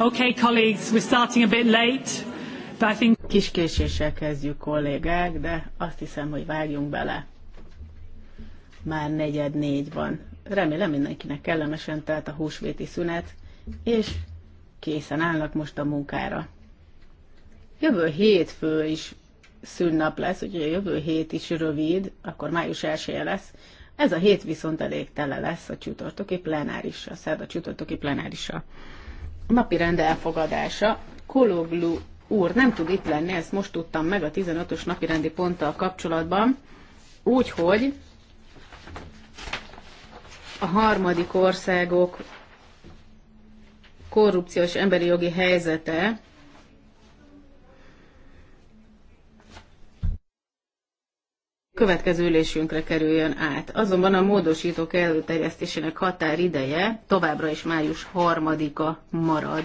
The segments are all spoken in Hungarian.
Okay, colleagues, we're starting a bit late, but I think... Kis késéssel kezdjük, kollégák, de azt hiszem, hogy vágjunk bele. Már negyed négy van. Remélem mindenkinek kellemesen telt a húsvéti szünet, és készen állnak most a munkára. Jövő hétfő is szünnap lesz, úgyhogy a jövő hét is rövid, akkor május 1 lesz. Ez a hét viszont elég tele lesz a csütörtöki plenárissal, a csütörtöki plenárissal. A napi rend elfogadása. Kologlu úr nem tud itt lenni, ezt most tudtam meg a 15-ös napi rendi ponttal kapcsolatban, úgyhogy a harmadik országok korrupciós emberi jogi helyzete következő ülésünkre kerüljön át. Azonban a módosítók előterjesztésének határideje továbbra is május harmadika marad.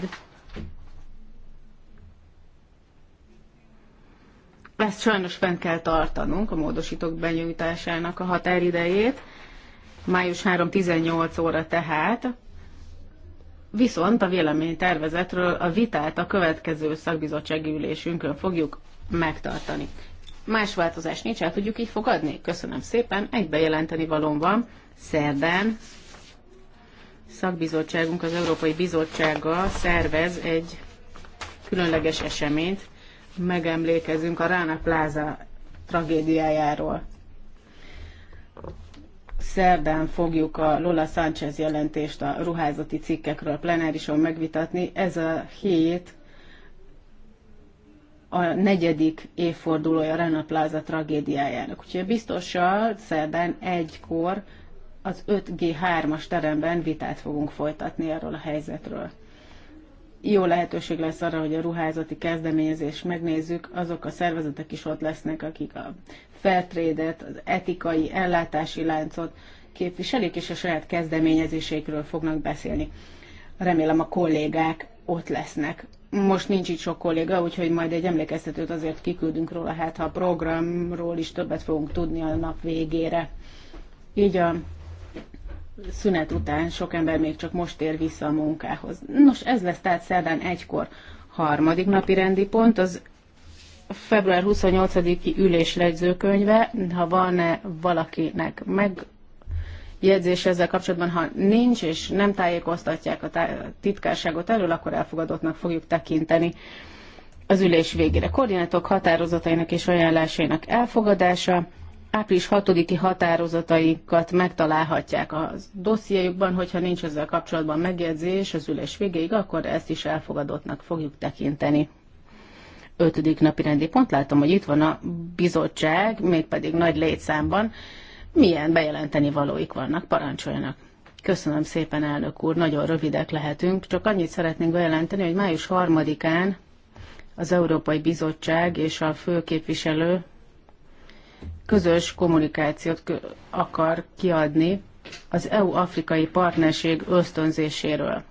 Ezt sajnos fent kell tartanunk, a módosítók benyújtásának a határidejét. Május 3-18 óra tehát. Viszont a véleménytervezetről a vitát a következő szakbizottsági ülésünkön fogjuk megtartani. Más változás nincs, el tudjuk így fogadni? Köszönöm szépen, egy bejelenteni valóm van. Szerdán szakbizottságunk az Európai Bizottsága szervez egy különleges eseményt. Megemlékezünk a Rána Plaza tragédiájáról. Szerdán fogjuk a Lola Sánchez jelentést a ruházati cikkekről plenárison megvitatni. Ez a hét a negyedik évfordulója a Rana Plaza tragédiájának. Úgyhogy a szerdán egykor az 5G3-as teremben vitát fogunk folytatni erről a helyzetről. Jó lehetőség lesz arra, hogy a ruházati kezdeményezés megnézzük, azok a szervezetek is ott lesznek, akik a feltrédet, az etikai ellátási láncot képviselik, és a saját kezdeményezésékről fognak beszélni. Remélem a kollégák ott lesznek most nincs itt sok kolléga, úgyhogy majd egy emlékeztetőt azért kiküldünk róla, hát ha a programról is többet fogunk tudni a nap végére. Így a szünet után sok ember még csak most ér vissza a munkához. Nos, ez lesz tehát szerdán egykor harmadik napi rendi pont, az február 28-i ülés legyzőkönyve, ha van-e valakinek meg jegyzés ezzel kapcsolatban, ha nincs és nem tájékoztatják a titkárságot elől, akkor elfogadottnak fogjuk tekinteni az ülés végére. Koordinátok határozatainak és ajánlásainak elfogadása, április 6-i határozataikat megtalálhatják a dossziéjukban, hogyha nincs ezzel kapcsolatban megjegyzés az ülés végéig, akkor ezt is elfogadottnak fogjuk tekinteni. Ötödik napi rendi pont, látom, hogy itt van a bizottság, mégpedig nagy létszámban milyen bejelenteni valóik vannak, parancsoljanak. Köszönöm szépen, elnök úr, nagyon rövidek lehetünk, csak annyit szeretnénk bejelenteni, hogy május 3-án az Európai Bizottság és a főképviselő közös kommunikációt akar kiadni az EU-afrikai partnerség ösztönzéséről.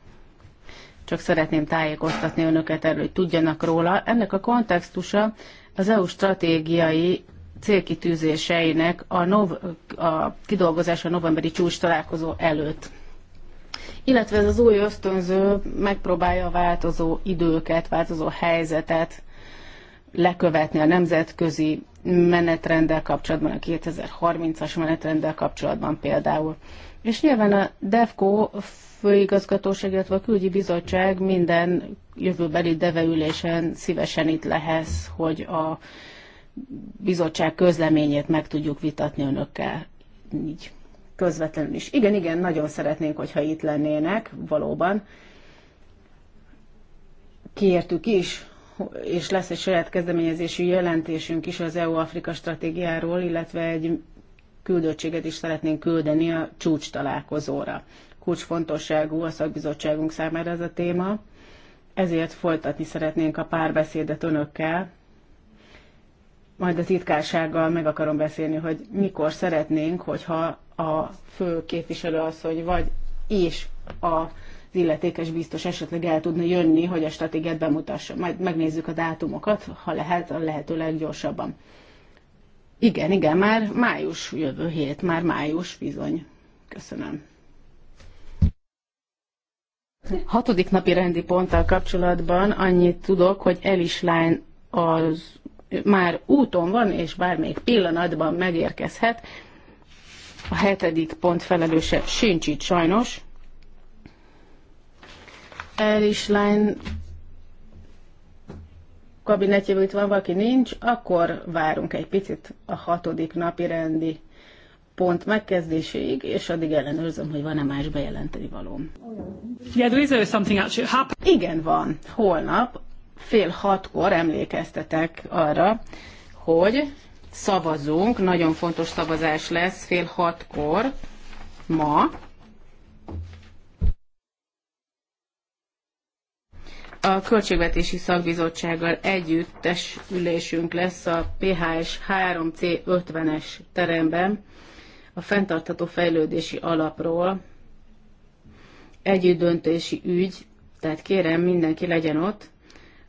Csak szeretném tájékoztatni önöket erről, hogy tudjanak róla. Ennek a kontextusa az EU stratégiai célkitűzéseinek a, nov- a kidolgozása a novemberi csúcs találkozó előtt. Illetve ez az új ösztönző megpróbálja a változó időket, változó helyzetet lekövetni a nemzetközi menetrenddel kapcsolatban, a 2030-as menetrenddel kapcsolatban például. És nyilván a DEFCO főigazgatóság, illetve a külügyi bizottság minden jövőbeli deveülésen szívesen itt lehez, hogy a bizottság közleményét meg tudjuk vitatni önökkel így közvetlenül is. Igen, igen, nagyon szeretnénk, hogyha itt lennének, valóban. Kiértük is, és lesz egy saját kezdeményezésű jelentésünk is az EU-Afrika stratégiáról, illetve egy küldöttséget is szeretnénk küldeni a csúcs találkozóra. Kulcsfontosságú a szakbizottságunk számára ez a téma, ezért folytatni szeretnénk a párbeszédet önökkel, majd a titkársággal meg akarom beszélni, hogy mikor szeretnénk, hogyha a fő képviselő az, hogy vagy és a az illetékes biztos esetleg el tudna jönni, hogy a stratégiát bemutassa. Majd megnézzük a dátumokat, ha lehet, a lehető leggyorsabban. Igen, igen, már május jövő hét, már május bizony. Köszönöm. Hatodik napi rendi ponttal kapcsolatban annyit tudok, hogy Elis Line az már úton van, és bármelyik pillanatban megérkezhet. A hetedik pont felelőse sincs itt sajnos. Elis Line kabinetjében itt van valaki nincs, akkor várunk egy picit a hatodik napi rendi pont megkezdéséig, és addig ellenőrzöm, hogy van-e más bejelenteni való. Yeah, there is uh, something actually Igen, van. Holnap fél hatkor emlékeztetek arra, hogy szavazunk, nagyon fontos szavazás lesz fél hatkor ma. A Költségvetési Szakbizottsággal együttes ülésünk lesz a PHS 3C50-es teremben a fenntartható fejlődési alapról együttdöntési ügy, tehát kérem mindenki legyen ott,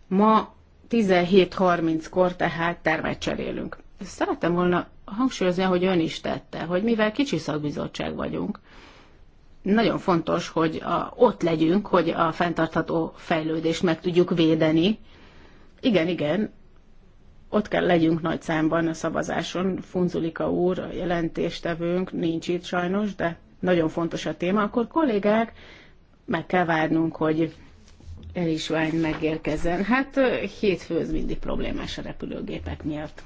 Ma 17.30-kor tehát termet cserélünk. Szeretem volna hangsúlyozni, hogy ön is tette, hogy mivel kicsi szakbizottság vagyunk, nagyon fontos, hogy a, ott legyünk, hogy a fenntartható fejlődést meg tudjuk védeni. Igen, igen, ott kell legyünk nagy számban a szavazáson. Funzulika úr, a jelentéstevőnk nincs itt sajnos, de nagyon fontos a téma. Akkor kollégák, meg kell várnunk, hogy elisvány megérkezzen. Hát hétfő mindig problémás a repülőgépek miatt.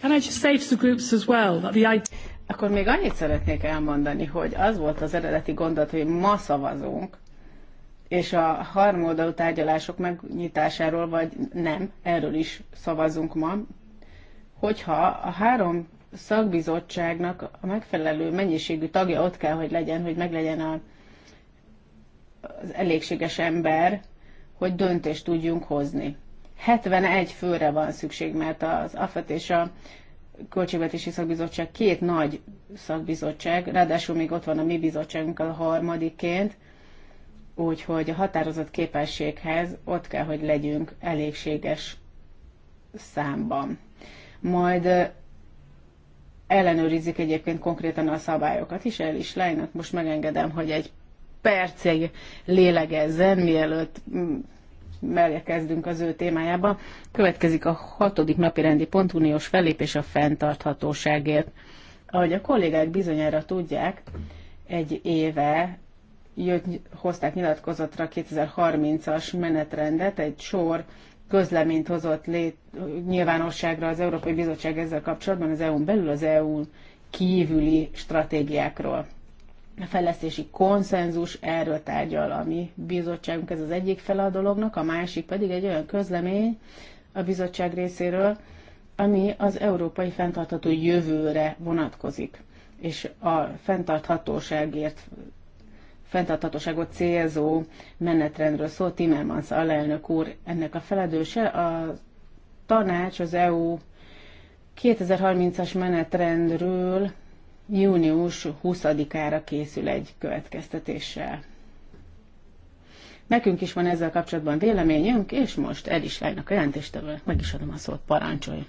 Can I just say to the groups as well that the idea... Akkor még annyit szeretnék elmondani, hogy az volt az eredeti gondolat, hogy ma szavazunk, és a harmoldalú tárgyalások megnyitásáról, vagy nem, erről is szavazunk ma, hogyha a három szakbizottságnak a megfelelő mennyiségű tagja ott kell, hogy legyen, hogy meglegyen a, az elégséges ember, hogy döntést tudjunk hozni. 71 főre van szükség, mert az AFET és a Költségvetési Szakbizottság két nagy szakbizottság, ráadásul még ott van a mi bizottságunk a harmadiként, úgyhogy a határozott képességhez ott kell, hogy legyünk elégséges számban. Majd ellenőrizik egyébként konkrétan a szabályokat is, el is lejnek. Most megengedem, hogy egy percig lélegezzen, mielőtt mm, kezdünk az ő témájába. Következik a hatodik napi rendi pont, uniós fellépés a fenntarthatóságért. Ahogy a kollégák bizonyára tudják, egy éve jött, hozták nyilatkozatra 2030-as menetrendet, egy sor közleményt hozott lét, nyilvánosságra az Európai Bizottság ezzel kapcsolatban az EU-n belül, az EU-n kívüli stratégiákról fejlesztési konszenzus erről tárgyal a mi bizottságunk, ez az egyik fele a dolognak, a másik pedig egy olyan közlemény a bizottság részéről, ami az európai fenntartható jövőre vonatkozik, és a fenntarthatóságért fenntarthatóságot célzó menetrendről szól Timmermans alelnök úr ennek a feledőse. A tanács az EU 2030-as menetrendről június 20-ára készül egy következtetéssel. Nekünk is van ezzel kapcsolatban véleményünk, és most el is vágnak a jelentéstevőnek, meg is adom a szót, parancsolj.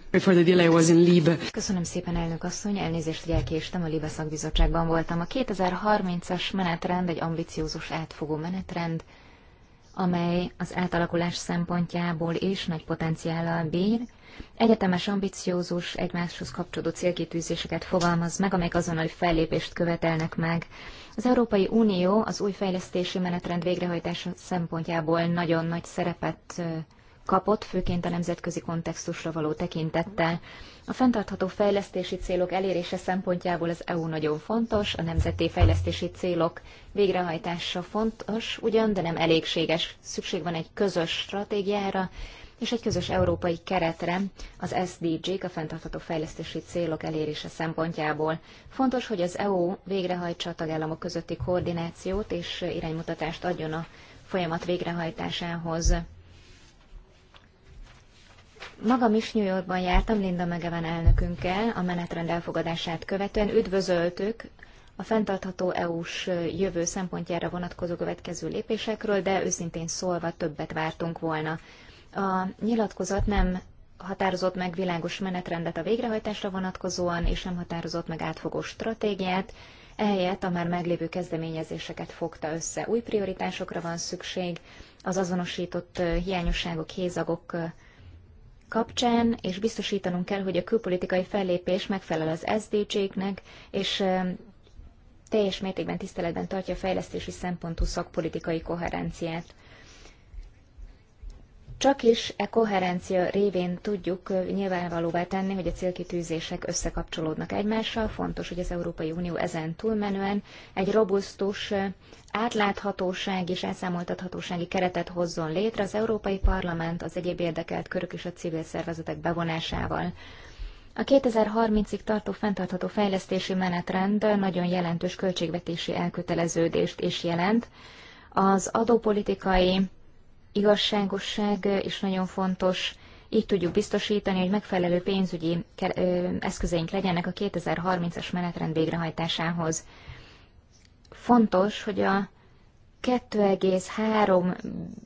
Köszönöm szépen, elnök asszony, elnézést, hogy elkéstem, a Libe szakbizottságban voltam. A 2030-as menetrend egy ambiciózus átfogó menetrend, amely az átalakulás szempontjából is nagy potenciállal bír, egyetemes, ambiciózus, egymáshoz kapcsolódó célkitűzéseket fogalmaz meg, amelyek azonnali fellépést követelnek meg. Az Európai Unió az új fejlesztési menetrend végrehajtása szempontjából nagyon nagy szerepet kapott, főként a nemzetközi kontextusra való tekintettel. A fenntartható fejlesztési célok elérése szempontjából az EU nagyon fontos, a nemzeti fejlesztési célok végrehajtása fontos, ugyan, de nem elégséges. Szükség van egy közös stratégiára, és egy közös európai keretre az SDG-k, a fenntartható fejlesztési célok elérése szempontjából. Fontos, hogy az EU végrehajtsa a tagállamok közötti koordinációt és iránymutatást adjon a folyamat végrehajtásához. Magam is New Yorkban jártam Linda Megeven elnökünkkel a menetrend elfogadását követően. Üdvözöltük a fenntartható EU-s jövő szempontjára vonatkozó következő lépésekről, de őszintén szólva többet vártunk volna. A nyilatkozat nem határozott meg világos menetrendet a végrehajtásra vonatkozóan, és nem határozott meg átfogó stratégiát, ehelyett a már meglévő kezdeményezéseket fogta össze. Új prioritásokra van szükség az azonosított hiányosságok, hézagok kapcsán, és biztosítanunk kell, hogy a külpolitikai fellépés megfelel az SDG-knek, és teljes mértékben tiszteletben tartja a fejlesztési szempontú szakpolitikai koherenciát. Csak is e koherencia révén tudjuk nyilvánvalóvá tenni, hogy a célkitűzések összekapcsolódnak egymással. Fontos, hogy az Európai Unió ezen túlmenően egy robusztus átláthatóság és elszámoltathatósági keretet hozzon létre az Európai Parlament, az egyéb érdekelt körök és a civil szervezetek bevonásával. A 2030-ig tartó fenntartható fejlesztési menetrend nagyon jelentős költségvetési elköteleződést is jelent. Az adópolitikai igazságosság is nagyon fontos. Így tudjuk biztosítani, hogy megfelelő pénzügyi eszközeink legyenek a 2030-as menetrend végrehajtásához. Fontos, hogy a 2,3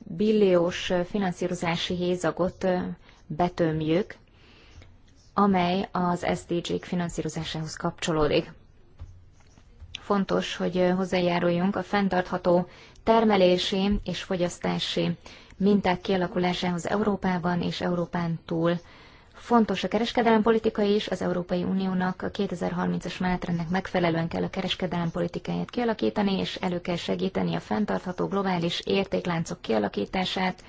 billiós finanszírozási hézagot betömjük, amely az SDG-k finanszírozásához kapcsolódik fontos, hogy hozzájáruljunk a fenntartható termelési és fogyasztási minták kialakulásához Európában és Európán túl. Fontos a kereskedelempolitika is, az Európai Uniónak a 2030-as menetrendnek megfelelően kell a kereskedelempolitikáját kialakítani, és elő kell segíteni a fenntartható globális értékláncok kialakítását,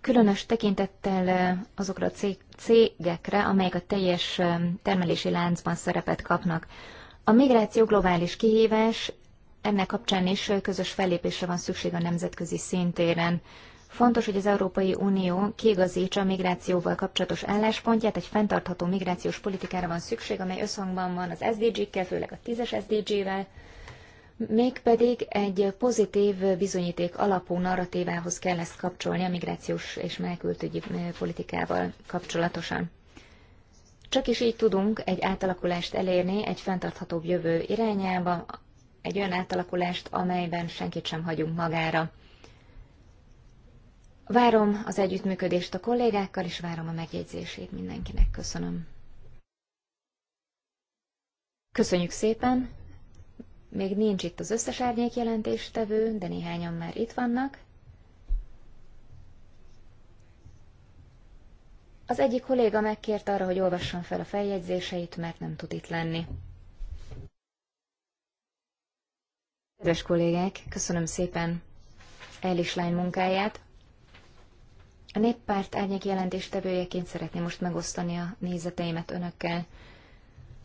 különös tekintettel eh, azokra a cégekre, amelyek a teljes eh, termelési láncban szerepet kapnak. A migráció globális kihívás, ennek kapcsán is eh, közös fellépésre van szükség a nemzetközi szintéren. Fontos, hogy az Európai Unió kiigazítsa a migrációval kapcsolatos álláspontját, egy fenntartható migrációs politikára van szükség, amely összhangban van az SDG-kkel, főleg a 10-es SDG-vel, mégpedig egy pozitív bizonyíték alapú narratívához kell ezt kapcsolni a migrációs és menekültügyi eh, politikával kapcsolatosan. Csak is így tudunk egy átalakulást elérni egy fenntarthatóbb jövő irányába, egy olyan átalakulást, amelyben senkit sem hagyunk magára. Várom az együttműködést a kollégákkal, és várom a megjegyzését mindenkinek. Köszönöm. Köszönjük szépen! Még nincs itt az összes árnyék jelentéstevő, de néhányan már itt vannak. Az egyik kolléga megkért arra, hogy olvassam fel a feljegyzéseit, mert nem tud itt lenni. Kedves kollégák, köszönöm szépen Elis lány munkáját. A néppárt árnyék jelentéstevőjeként szeretném most megosztani a nézeteimet önökkel.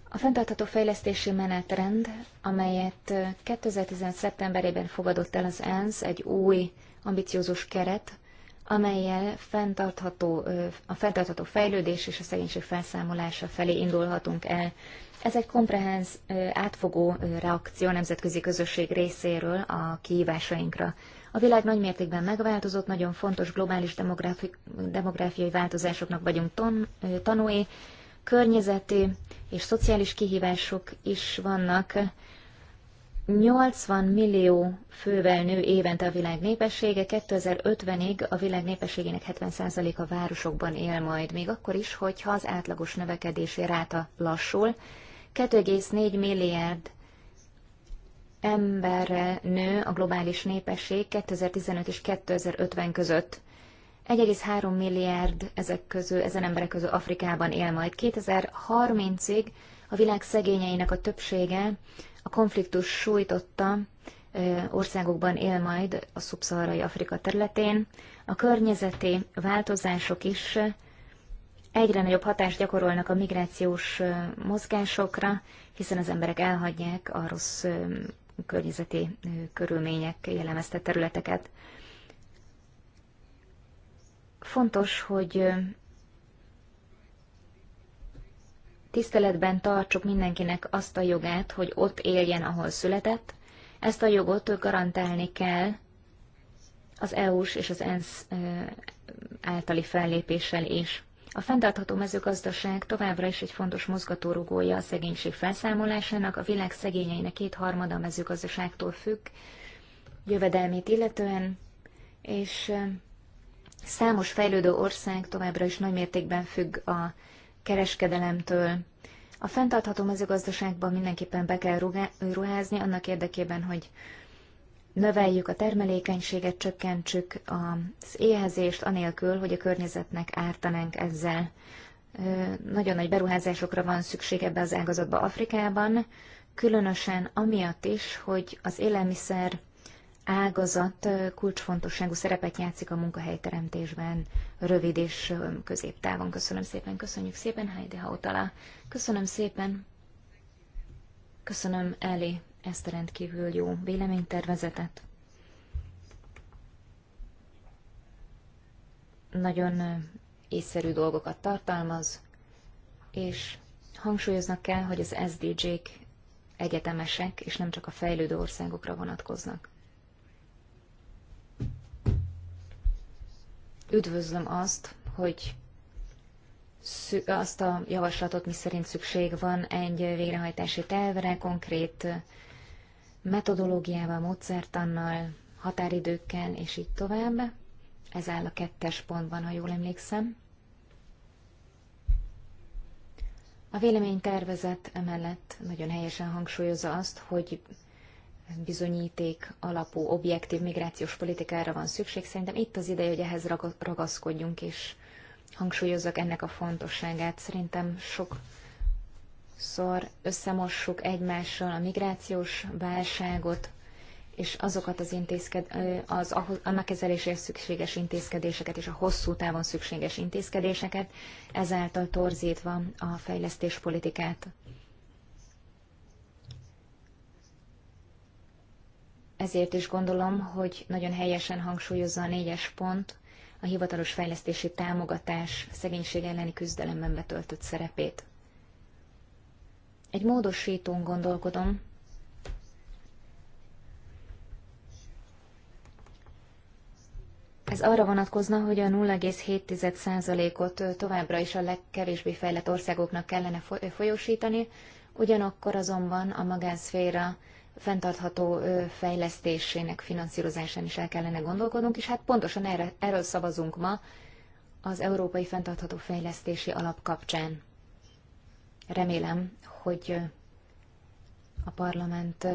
A fenntartható fejlesztési menetrend, amelyet 2015. szeptemberében fogadott el az ENSZ, egy új, ambiciózus keret, amelyel fenntartható, a fenntartható fejlődés és a szegénység felszámolása felé indulhatunk el. Ez egy komprehensz átfogó reakció a nemzetközi közösség részéről a kihívásainkra. A világ nagy mértékben megváltozott, nagyon fontos globális demográfiai változásoknak vagyunk ton, tanúi, környezeti és szociális kihívások is vannak. 80 millió fővel nő évente a világ népessége, 2050-ig a világ népességének 70%-a városokban él majd, még akkor is, hogyha az átlagos növekedési ráta lassul. 2,4 milliárd emberre nő a globális népesség 2015 és 2050 között. 1,3 milliárd ezek közül, ezen emberek közül Afrikában él majd. 2030-ig a világ szegényeinek a többsége a konfliktus sújtotta országokban él majd a szubszaharai Afrika területén. A környezeti változások is egyre nagyobb hatást gyakorolnak a migrációs mozgásokra, hiszen az emberek elhagyják a rossz környezeti körülmények jellemezte területeket. Fontos, hogy tiszteletben tartsuk mindenkinek azt a jogát, hogy ott éljen, ahol született. Ezt a jogot garantálni kell az EU-s és az ENSZ általi fellépéssel is. A fenntartható mezőgazdaság továbbra is egy fontos mozgatórugója a szegénység felszámolásának, a világ szegényeinek kétharmada a mezőgazdaságtól függ, jövedelmét illetően, és Számos fejlődő ország továbbra is nagy mértékben függ a kereskedelemtől. A fenntartható mezőgazdaságban mindenképpen be kell ruházni annak érdekében, hogy növeljük a termelékenységet, csökkentsük az éhezést, anélkül, hogy a környezetnek ártanánk ezzel. Nagyon nagy beruházásokra van szükség ebbe az ágazatba Afrikában, különösen amiatt is, hogy az élelmiszer ágazat kulcsfontosságú szerepet játszik a munkahelyteremtésben rövid és középtávon. Köszönöm szépen, köszönjük szépen, Heidi Hautala. Köszönöm szépen, köszönöm Eli ezt a rendkívül jó véleménytervezetet. Nagyon észszerű dolgokat tartalmaz, és hangsúlyoznak kell, hogy az SDG-k egyetemesek, és nem csak a fejlődő országokra vonatkoznak. Üdvözlöm azt, hogy azt a javaslatot, miszerint szükség van egy végrehajtási tervre, konkrét metodológiával, módszertannal, határidőkkel, és így tovább. Ez áll a kettes pontban, ha jól emlékszem. A véleménytervezet emellett nagyon helyesen hangsúlyozza azt, hogy bizonyíték alapú, objektív migrációs politikára van szükség. Szerintem itt az ideje, hogy ehhez ragaszkodjunk, és hangsúlyozzak ennek a fontosságát. Szerintem sok szor összemossuk egymással a migrációs válságot, és azokat az, intézked, az annak kezeléséhez szükséges intézkedéseket és a hosszú távon szükséges intézkedéseket, ezáltal torzítva a fejlesztéspolitikát. politikát. Ezért is gondolom, hogy nagyon helyesen hangsúlyozza a négyes pont a hivatalos fejlesztési támogatás szegénység elleni küzdelemben betöltött szerepét. Egy módosítón gondolkodom, Ez arra vonatkozna, hogy a 0,7%-ot továbbra is a legkevésbé fejlett országoknak kellene folyósítani, ugyanakkor azonban a magánszféra fenntartható fejlesztésének finanszírozásán is el kellene gondolkodnunk, és hát pontosan erre, erről szavazunk ma az Európai Fenntartható Fejlesztési Alap kapcsán. Remélem, hogy a parlament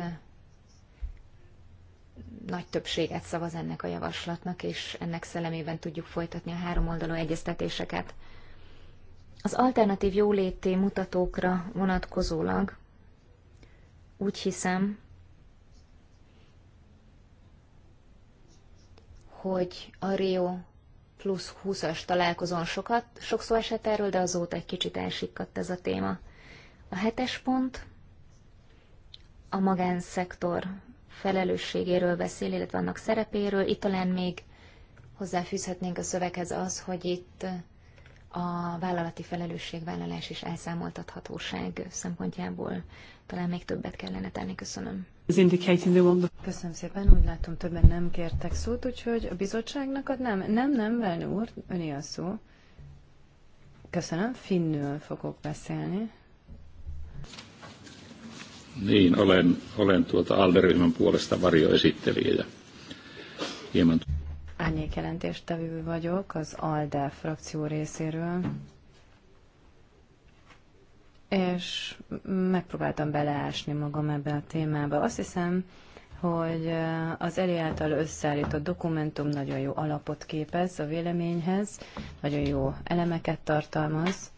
nagy többséget szavaz ennek a javaslatnak, és ennek szellemében tudjuk folytatni a háromoldalú egyeztetéseket. Az alternatív jóléti mutatókra vonatkozólag úgy hiszem, hogy a Rio plusz 20-as találkozón sokat, sok szó esett erről, de azóta egy kicsit elsikkadt ez a téma. A hetes pont a magánszektor felelősségéről beszél, illetve annak szerepéről. Itt talán még hozzáfűzhetnénk a szöveghez az, hogy itt a vállalati felelősségvállalás és elszámoltathatóság szempontjából talán még többet kellene tenni. Köszönöm. Köszönöm szépen, úgy látom többen nem kértek szót, úgyhogy a bizottságnak ad Nem, nem, nem Velnő úr, öné a szó. Köszönöm, finnül fogok beszélni. Niin, olen, olen tuota Alderyhmän puolesta varjoesittelijä. Hieman... jelentéstevő vagyok az ALDE frakció részéről és megpróbáltam beleásni magam ebbe a témába. Azt hiszem, hogy eh, az Eli által összeállított dokumentum nagyon jó alapot képez a véleményhez, nagyon jó elemeket tartalmaz.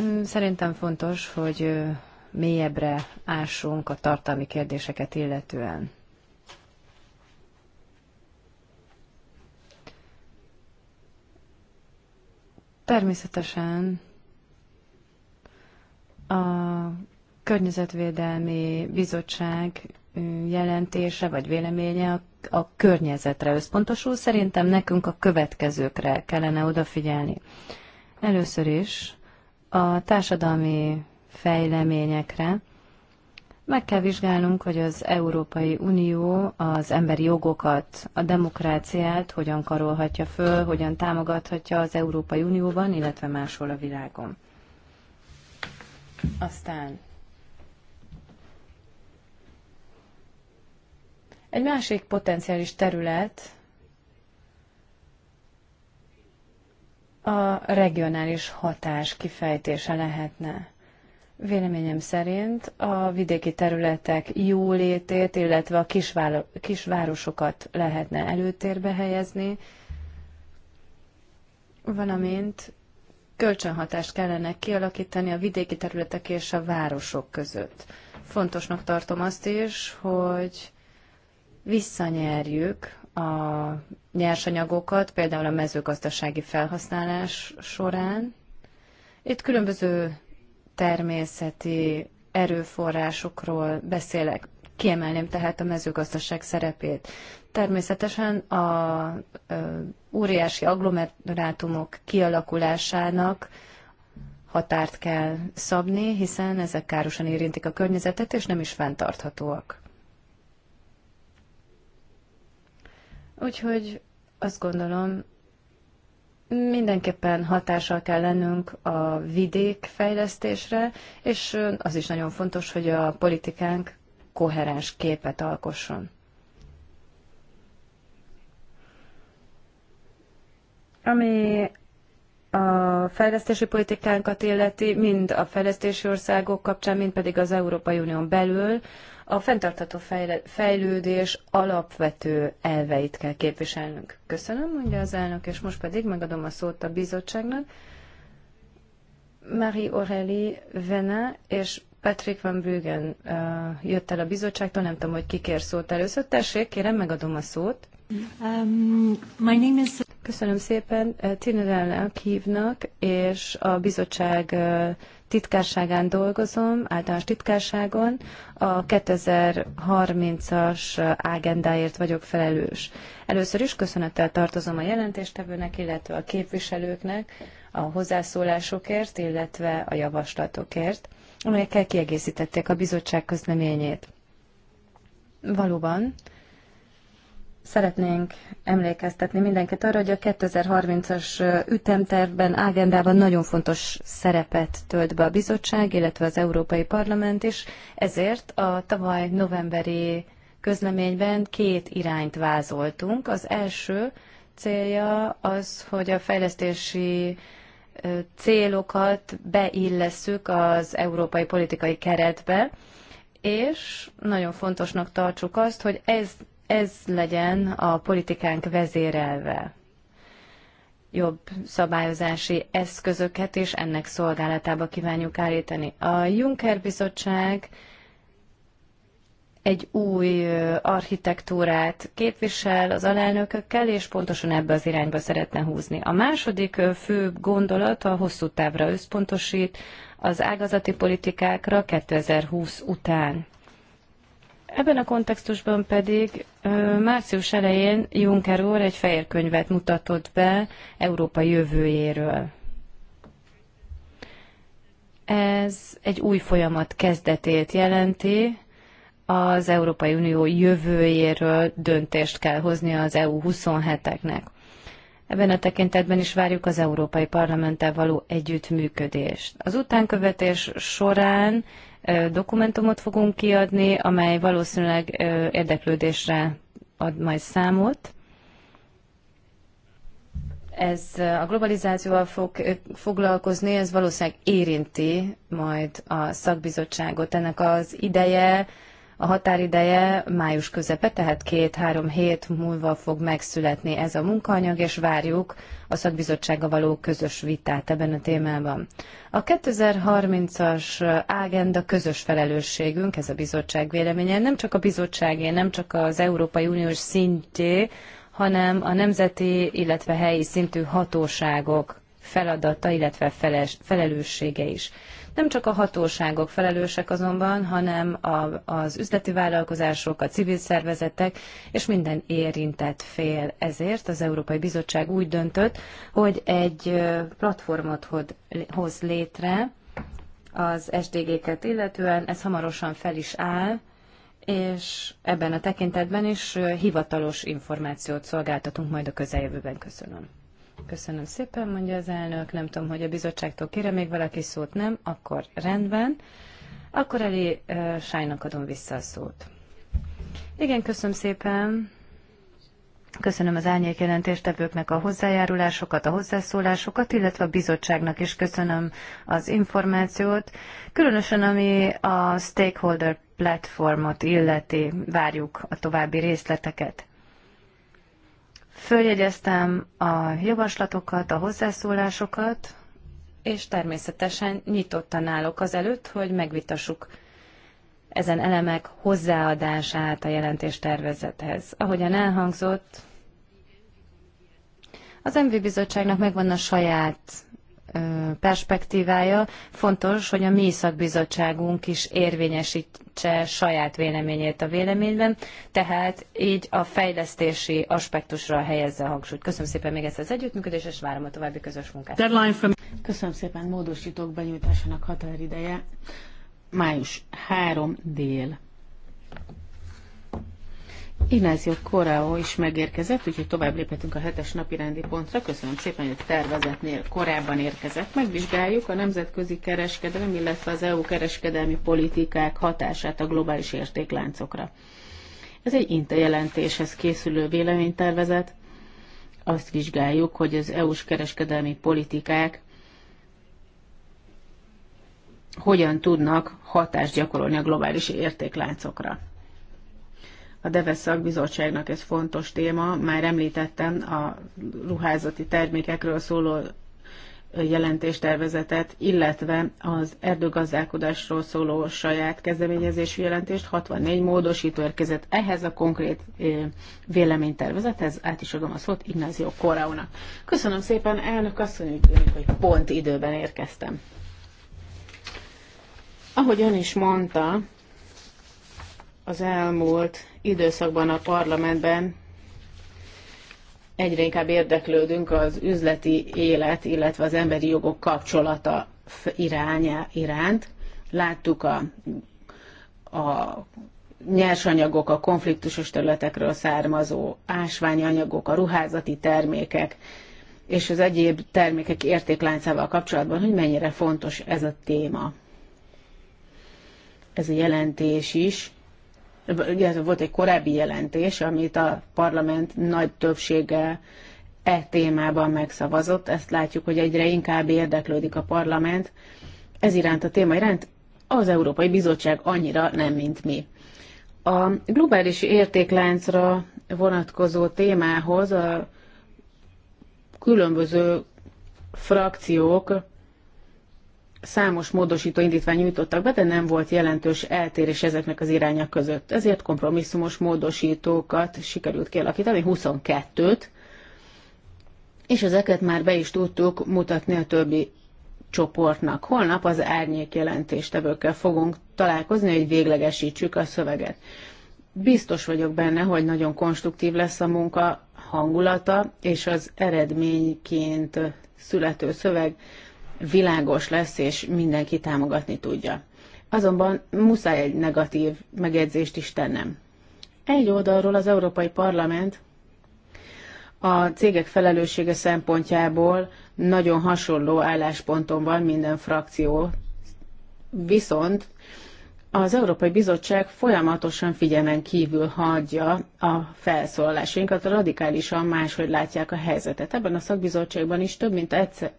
Mm, szerintem fontos, hogy eh, mélyebbre ásunk a tartalmi kérdéseket illetően. Természetesen a Környezetvédelmi Bizottság jelentése vagy véleménye a, a környezetre összpontosul. Szerintem nekünk a következőkre kellene odafigyelni. Először is a társadalmi fejleményekre, meg kell vizsgálnunk, hogy az Európai Unió az emberi jogokat, a demokráciát hogyan karolhatja föl, hogyan támogathatja az Európai Unióban, illetve máshol a világon. Aztán egy másik potenciális terület a regionális hatás kifejtése lehetne. Véleményem szerint a vidéki területek jólétét, illetve a kisvárosokat lehetne előtérbe helyezni, valamint kölcsönhatást kellene kialakítani a vidéki területek és a városok között. Fontosnak tartom azt is, hogy visszanyerjük a nyersanyagokat, például a mezőgazdasági felhasználás során. Itt különböző természeti erőforrásokról beszélek. Kiemelném tehát a mezőgazdaság szerepét. Természetesen a óriási agglomerátumok kialakulásának határt kell szabni, hiszen ezek károsan érintik a környezetet, és nem is fenntarthatóak. Úgyhogy azt gondolom, mindenképpen hatással kell lennünk a vidék fejlesztésre, és az is nagyon fontos, hogy a politikánk koherens képet alkosson. Ami a fejlesztési politikánkat illeti, mind a fejlesztési országok kapcsán, mind pedig az Európai Unión belül, a fenntartható fejlődés alapvető elveit kell képviselnünk. Köszönöm, mondja az elnök, és most pedig megadom a szót a bizottságnak. Marie Aurélie Vena és Patrick Van Brüggen uh, jött el a bizottságtól, nem tudom, hogy kér szót először. Tessék, kérem, megadom a szót. Um, my name is... Köszönöm szépen. Tinerelnek hívnak, és a bizottság titkárságán dolgozom, általános titkárságon. A 2030-as ágendáért vagyok felelős. Először is köszönettel tartozom a jelentéstevőnek, illetve a képviselőknek a hozzászólásokért, illetve a javaslatokért amelyekkel kiegészítették a bizottság közleményét. Valóban, szeretnénk emlékeztetni mindenkit arra, hogy a 2030-as ütemtervben, ágendában nagyon fontos szerepet tölt be a bizottság, illetve az Európai Parlament is. Ezért a tavaly novemberi közleményben két irányt vázoltunk. Az első célja az, hogy a fejlesztési célokat beillesszük az európai politikai keretbe, és nagyon fontosnak tartsuk azt, hogy ez, ez legyen a politikánk vezérelve. Jobb szabályozási eszközöket és ennek szolgálatába kívánjuk állítani. A Juncker Bizottság egy új architektúrát képvisel az alelnökökkel, és pontosan ebbe az irányba szeretne húzni. A második fő gondolat a hosszú távra összpontosít az ágazati politikákra 2020 után. Ebben a kontextusban pedig március elején Juncker úr egy fehér könyvet mutatott be Európa jövőjéről. Ez egy új folyamat kezdetét jelenti, az Európai Unió jövőjéről döntést kell hozni az EU 27-eknek. Ebben a tekintetben is várjuk az Európai Parlamenttel való együttműködést. Az utánkövetés során dokumentumot fogunk kiadni, amely valószínűleg érdeklődésre ad majd számot. Ez a globalizációval fog foglalkozni, ez valószínűleg érinti majd a szakbizottságot. Ennek az ideje a határideje május közepe, tehát két-három hét múlva fog megszületni ez a munkaanyag, és várjuk a szakbizottsága való közös vitát ebben a témában. A 2030-as ágenda közös felelősségünk, ez a bizottság véleménye, nem csak a bizottságé, nem csak az Európai Uniós szintjé, hanem a nemzeti, illetve helyi szintű hatóságok feladata, illetve felelőssége is. Nem csak a hatóságok felelősek azonban, hanem a, az üzleti vállalkozások, a civil szervezetek és minden érintett fél. Ezért az Európai Bizottság úgy döntött, hogy egy platformot hoz létre az SDG-ket illetően, ez hamarosan fel is áll, és ebben a tekintetben is hivatalos információt szolgáltatunk majd a közeljövőben. Köszönöm. Köszönöm szépen, mondja az elnök. Nem tudom, hogy a bizottságtól kérem, még valaki szót nem, akkor rendben. Akkor elé uh, Sájnak adom vissza a szót. Igen, köszönöm szépen. Köszönöm az árnyék jelentéstevőknek a hozzájárulásokat, a hozzászólásokat, illetve a bizottságnak is köszönöm az információt. Különösen ami a stakeholder platformot illeti, várjuk a további részleteket. Följegyeztem a javaslatokat, a hozzászólásokat, és természetesen nyitottan állok az előtt, hogy megvitassuk ezen elemek hozzáadását a jelentés tervezethez. Ahogyan elhangzott, az MV bizottságnak megvan a saját perspektívája, fontos, hogy a mi szakbizottságunk is érvényesítse saját véleményét a véleményben, tehát így a fejlesztési aspektusra helyezze a hangsúlyt. Köszönöm szépen még ezt az együttműködést, és várom a további közös munkát. Deadline Köszönöm szépen, módosítók benyújtásának határideje május 3 dél. Ignácio Koreó is megérkezett, úgyhogy tovább léphetünk a hetes napi rendi pontra. Köszönöm szépen, hogy a tervezetnél korábban érkezett. Megvizsgáljuk a nemzetközi kereskedelem, illetve az EU kereskedelmi politikák hatását a globális értékláncokra. Ez egy INTE jelentéshez készülő véleménytervezet. Azt vizsgáljuk, hogy az EU-s kereskedelmi politikák hogyan tudnak hatást gyakorolni a globális értékláncokra. A Devesz szakbizottságnak ez fontos téma. Már említettem a ruházati termékekről szóló jelentéstervezetet, illetve az erdőgazdálkodásról szóló saját kezdeményezésű jelentést, 64 módosító érkezett ehhez a konkrét véleménytervezethez. Át is adom a szót Ignázió Koraónak. Köszönöm szépen, elnök asszony, hogy pont időben érkeztem. Ahogy ön is mondta, az elmúlt időszakban a parlamentben egyre inkább érdeklődünk az üzleti élet, illetve az emberi jogok kapcsolata irányá, iránt. Láttuk a, a nyersanyagok, a konfliktusos területekről származó ásványanyagok, a ruházati termékek és az egyéb termékek értékláncával kapcsolatban, hogy mennyire fontos ez a téma. Ez a jelentés is illetve volt egy korábbi jelentés, amit a parlament nagy többsége e témában megszavazott. Ezt látjuk, hogy egyre inkább érdeklődik a parlament. Ez iránt a téma iránt az Európai Bizottság annyira nem, mint mi. A globális értékláncra vonatkozó témához a különböző frakciók számos módosító indítvány nyújtottak be, de nem volt jelentős eltérés ezeknek az irányak között. Ezért kompromisszumos módosítókat sikerült kialakítani, 22-t, és ezeket már be is tudtuk mutatni a többi csoportnak. Holnap az árnyék jelentéstevőkkel fogunk találkozni, hogy véglegesítsük a szöveget. Biztos vagyok benne, hogy nagyon konstruktív lesz a munka hangulata, és az eredményként születő szöveg világos lesz, és mindenki támogatni tudja. Azonban muszáj egy negatív megjegyzést is tennem. Egy oldalról az Európai Parlament a cégek felelőssége szempontjából nagyon hasonló állásponton van minden frakció, viszont az Európai Bizottság folyamatosan figyelmen kívül hagyja a felszólalásainkat, radikálisan máshogy látják a helyzetet. Ebben a szakbizottságban is több mint egyszer,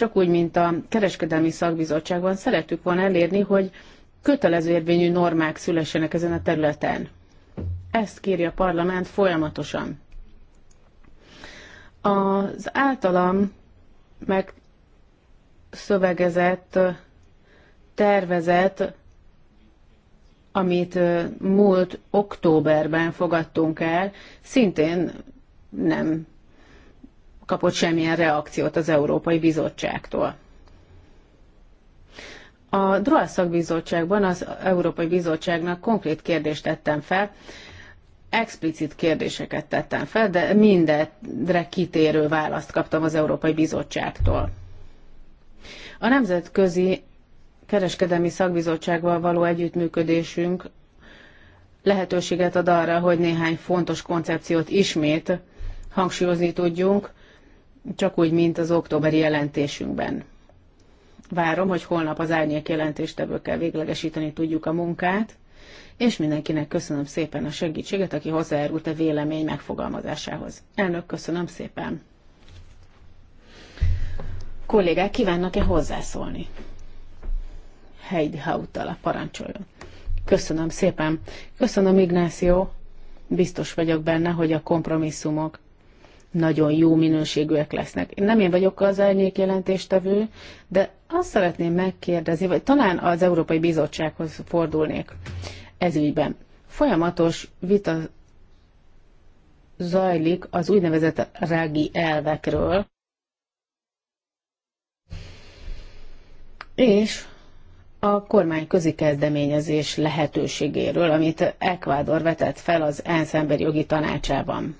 csak úgy, mint a kereskedelmi szakbizottságban szerettük volna elérni, hogy kötelező érvényű normák szülessenek ezen a területen. Ezt kéri a parlament folyamatosan. Az általam megszövegezett tervezet, amit múlt októberben fogadtunk el, szintén nem kapott semmilyen reakciót az Európai Bizottságtól. A DROA szakbizottságban az Európai Bizottságnak konkrét kérdést tettem fel, explicit kérdéseket tettem fel, de mindenre kitérő választ kaptam az Európai Bizottságtól. A Nemzetközi Kereskedelmi Szakbizottsággal való együttműködésünk lehetőséget ad arra, hogy néhány fontos koncepciót ismét hangsúlyozni tudjunk, csak úgy, mint az októberi jelentésünkben. Várom, hogy holnap az árnyék jelentéstevőkkel véglegesíteni tudjuk a munkát, és mindenkinek köszönöm szépen a segítséget, aki hozzájárult a vélemény megfogalmazásához. Elnök, köszönöm szépen! Kollégák kívánnak-e hozzászólni? Heidi a parancsoljon. Köszönöm szépen. Köszönöm, Ignácio, Biztos vagyok benne, hogy a kompromisszumok nagyon jó minőségűek lesznek. Nem én vagyok az árnyék jelentéstevő, de azt szeretném megkérdezni, vagy talán az Európai Bizottsághoz fordulnék ez ügyben. Folyamatos vita zajlik az úgynevezett rági elvekről, és a kormány közikezdeményezés lehetőségéről, amit Ecuador vetett fel az ENSZ emberi jogi tanácsában.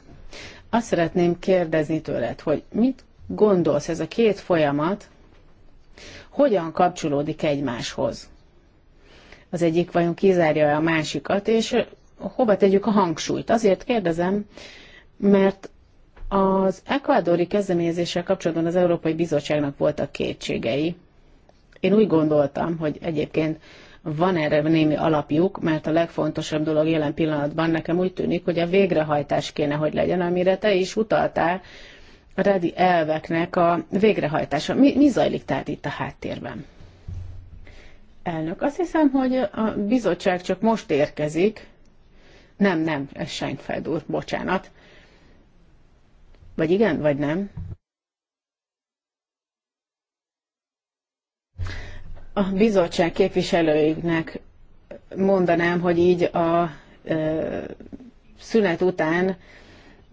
Azt szeretném kérdezni tőled, hogy mit gondolsz ez a két folyamat, hogyan kapcsolódik egymáshoz? Az egyik vajon kizárja a másikat, és hova tegyük a hangsúlyt? Azért kérdezem, mert az ekvádori kezdeményezéssel kapcsolatban az Európai Bizottságnak voltak kétségei. Én úgy gondoltam, hogy egyébként van erre némi alapjuk, mert a legfontosabb dolog jelen pillanatban nekem úgy tűnik, hogy a végrehajtás kéne, hogy legyen, amire te is utaltál, a redi elveknek a végrehajtása. Mi, mi zajlik tehát itt a háttérben? Elnök, azt hiszem, hogy a bizottság csak most érkezik. Nem, nem, ez Seinfeld úr, bocsánat. Vagy igen, vagy nem. A bizottság képviselőinek mondanám, hogy így a ö, szünet után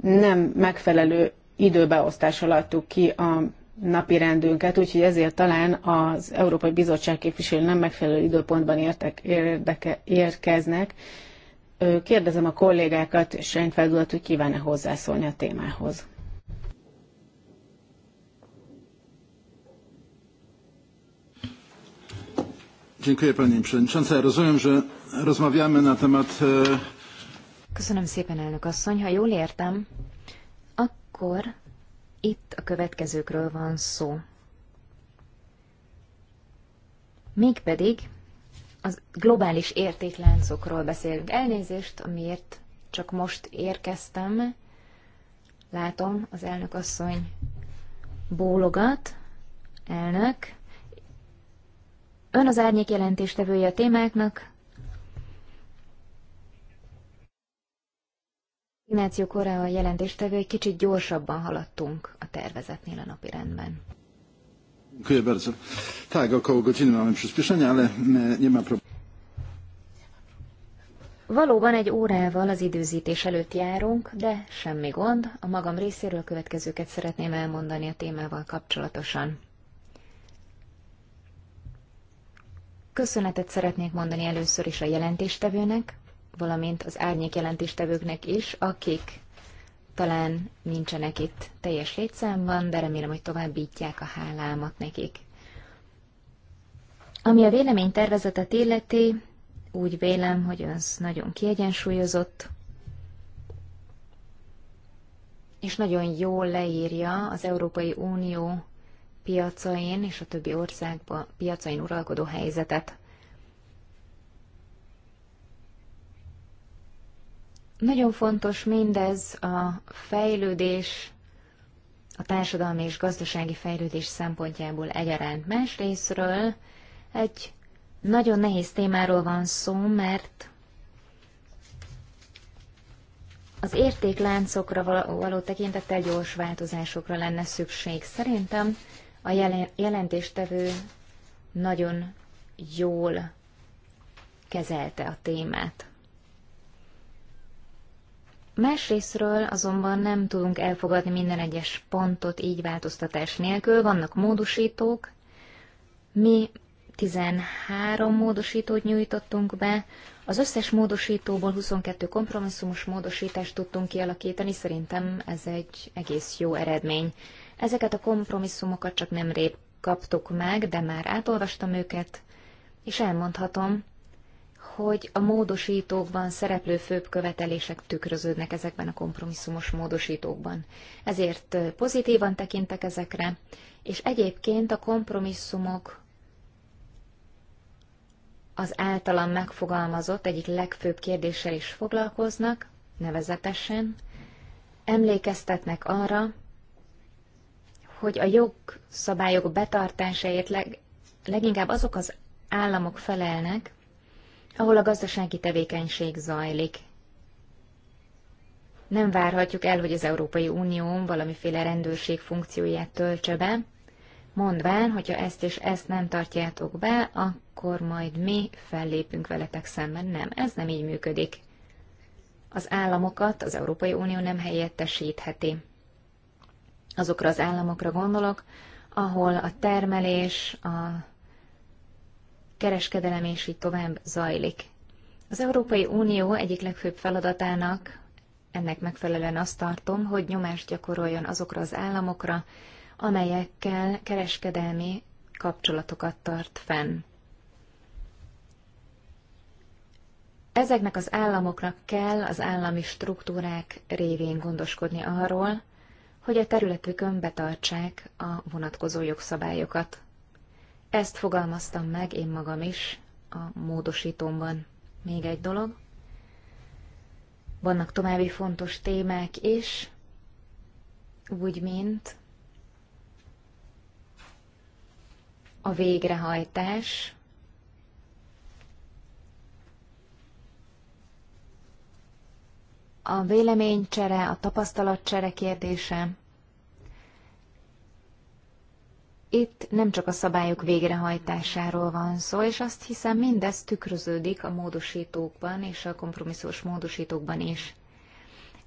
nem megfelelő időbeosztással adtuk ki a napi rendünket, úgyhogy ezért talán az Európai Bizottság képviselő nem megfelelő időpontban értek, érdeke, érkeznek. Kérdezem a kollégákat, és urat, hogy kíván-e hozzászólni a témához. Dziękuję Pani Przewodnicząca. Rozumiem, że rozmawiamy na temat... E, Köszönöm szépen, elnök asszony. Ha jól értem, akkor itt a következőkről van szó. Mégpedig az globális értékláncokról beszélünk. Elnézést, amiért csak most érkeztem. Látom, az elnök asszony bólogat. Elnök, Ön az árnyék jelentéstevője a témáknak. Ignáció Korea a jelentéstevő, egy kicsit gyorsabban haladtunk a tervezetnél a napi rendben. Dziękuję bardzo. Tak, około godziny mamy przyspieszenie, ale mm, nie ma problemu. Valóban egy órával az időzítés előtt járunk, de semmi gond. A magam részéről a következőket szeretném elmondani a témával kapcsolatosan. Köszönetet szeretnék mondani először is a jelentéstevőnek, valamint az árnyék jelentéstevőknek is, akik talán nincsenek itt teljes létszámban, de remélem, hogy továbbítják a hálámat nekik. Ami a tervezetet illeti, úgy vélem, hogy az nagyon kiegyensúlyozott, és nagyon jól leírja az Európai Unió piacain és a többi ország piacain uralkodó helyzetet. Nagyon fontos mindez a fejlődés, a társadalmi és gazdasági fejlődés szempontjából egyaránt. Másrésztről egy nagyon nehéz témáról van szó, mert az értékláncokra való tekintettel gyors változásokra lenne szükség. Szerintem a jelentéstevő nagyon jól kezelte a témát. Másrésztről azonban nem tudunk elfogadni minden egyes pontot így változtatás nélkül, vannak módosítók. Mi 13 módosítót nyújtottunk be, az összes módosítóból 22 kompromisszumos módosítást tudtunk kialakítani, szerintem ez egy egész jó eredmény. Ezeket a kompromisszumokat csak nem rép kaptuk meg, de már átolvastam őket, és elmondhatom, hogy a módosítókban szereplő főbb követelések tükröződnek ezekben a kompromisszumos módosítókban. Ezért pozitívan tekintek ezekre, és egyébként a kompromisszumok az általam megfogalmazott egyik legfőbb kérdéssel is foglalkoznak, nevezetesen, emlékeztetnek arra, hogy a jogszabályok betartásáért leg, leginkább azok az államok felelnek, ahol a gazdasági tevékenység zajlik. Nem várhatjuk el, hogy az Európai unió valamiféle rendőrség funkcióját töltse be, mondván, hogyha ezt és ezt nem tartjátok be, akkor majd mi fellépünk veletek szemben. Nem, ez nem így működik. Az államokat az Európai Unió nem helyettesítheti azokra az államokra gondolok, ahol a termelés, a kereskedelem és így tovább zajlik. Az Európai Unió egyik legfőbb feladatának ennek megfelelően azt tartom, hogy nyomást gyakoroljon azokra az államokra, amelyekkel kereskedelmi kapcsolatokat tart fenn. Ezeknek az államoknak kell az állami struktúrák révén gondoskodni arról, hogy a területükön betartsák a vonatkozó jogszabályokat. Ezt fogalmaztam meg én magam is a módosítomban. Még egy dolog. Vannak további fontos témák is, úgy mint a végrehajtás, a véleménycsere, a tapasztalatcsere kérdése. Itt nem csak a szabályok végrehajtásáról van szó, és azt hiszem mindez tükröződik a módosítókban és a kompromisszós módosítókban is.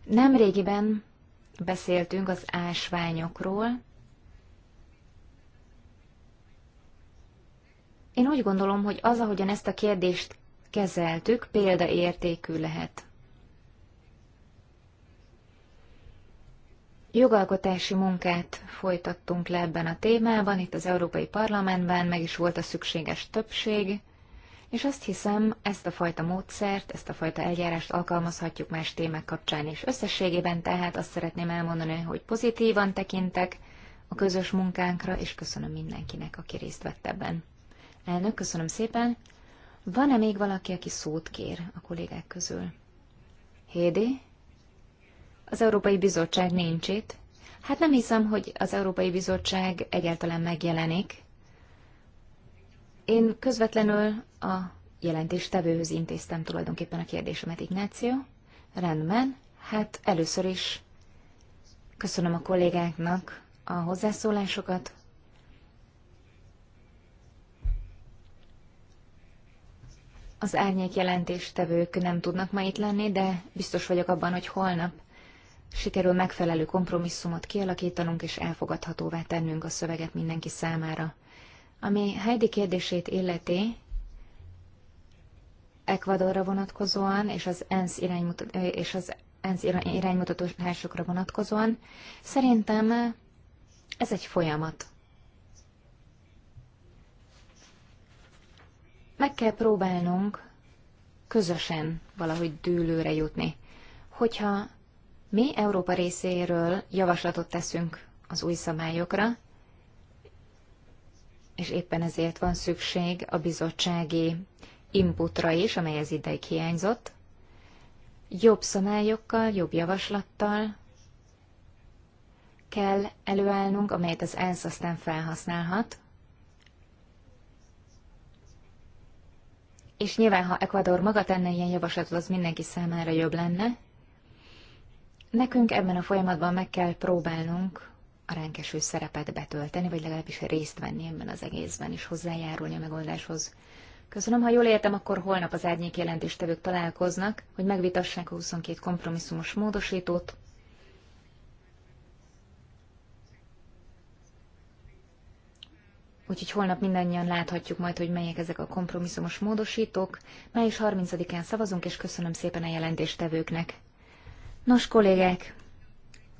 Nemrégiben beszéltünk az ásványokról. Én úgy gondolom, hogy az, ahogyan ezt a kérdést kezeltük, példaértékű lehet. Jogalkotási munkát folytattunk le ebben a témában, itt az Európai Parlamentben meg is volt a szükséges többség, és azt hiszem, ezt a fajta módszert, ezt a fajta eljárást alkalmazhatjuk más témák kapcsán is. Összességében tehát azt szeretném elmondani, hogy pozitívan tekintek a közös munkánkra, és köszönöm mindenkinek, aki részt vett ebben. Elnök, köszönöm szépen. Van-e még valaki, aki szót kér a kollégák közül? Hédi? Az Európai Bizottság nincs itt. Hát nem hiszem, hogy az Európai Bizottság egyáltalán megjelenik. Én közvetlenül a jelentéstevőhöz intéztem tulajdonképpen a kérdésemet, Ignáció. Rendben, hát először is köszönöm a kollégáknak a hozzászólásokat. Az árnyék jelentéstevők nem tudnak ma itt lenni, de biztos vagyok abban, hogy holnap sikerül megfelelő kompromisszumot kialakítanunk és elfogadhatóvá tennünk a szöveget mindenki számára. Ami Heidi kérdését illeti, Ecuadorra vonatkozóan és az ENSZ, iránymutat- és az ENSZ iránymutatásokra vonatkozóan, szerintem ez egy folyamat. Meg kell próbálnunk közösen valahogy dőlőre jutni. Hogyha mi Európa részéről javaslatot teszünk az új szabályokra, és éppen ezért van szükség a bizottsági inputra is, amely ez ideig hiányzott, jobb szabályokkal, jobb javaslattal kell előállnunk, amelyet az ENSZ aztán felhasználhat. És nyilván, ha Ecuador maga tenne ilyen javaslatot, az mindenki számára jobb lenne, Nekünk ebben a folyamatban meg kell próbálnunk a ránkeső szerepet betölteni, vagy legalábbis részt venni ebben az egészben, és hozzájárulni a megoldáshoz. Köszönöm, ha jól értem, akkor holnap az árnyék jelentéstevők találkoznak, hogy megvitassák a 22 kompromisszumos módosítót. Úgyhogy holnap mindannyian láthatjuk majd, hogy melyek ezek a kompromisszumos módosítók. Május 30-án szavazunk, és köszönöm szépen a jelentéstevőknek. Nos, kollégek,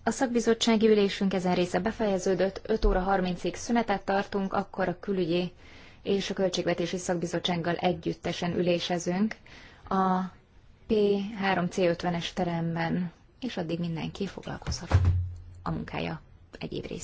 a szakbizottsági ülésünk ezen része befejeződött, 5 óra 30-ig szünetet tartunk, akkor a külügyi és a költségvetési szakbizottsággal együttesen ülésezünk a P3C50-es teremben, és addig mindenki foglalkozhat a munkája egyéb rész.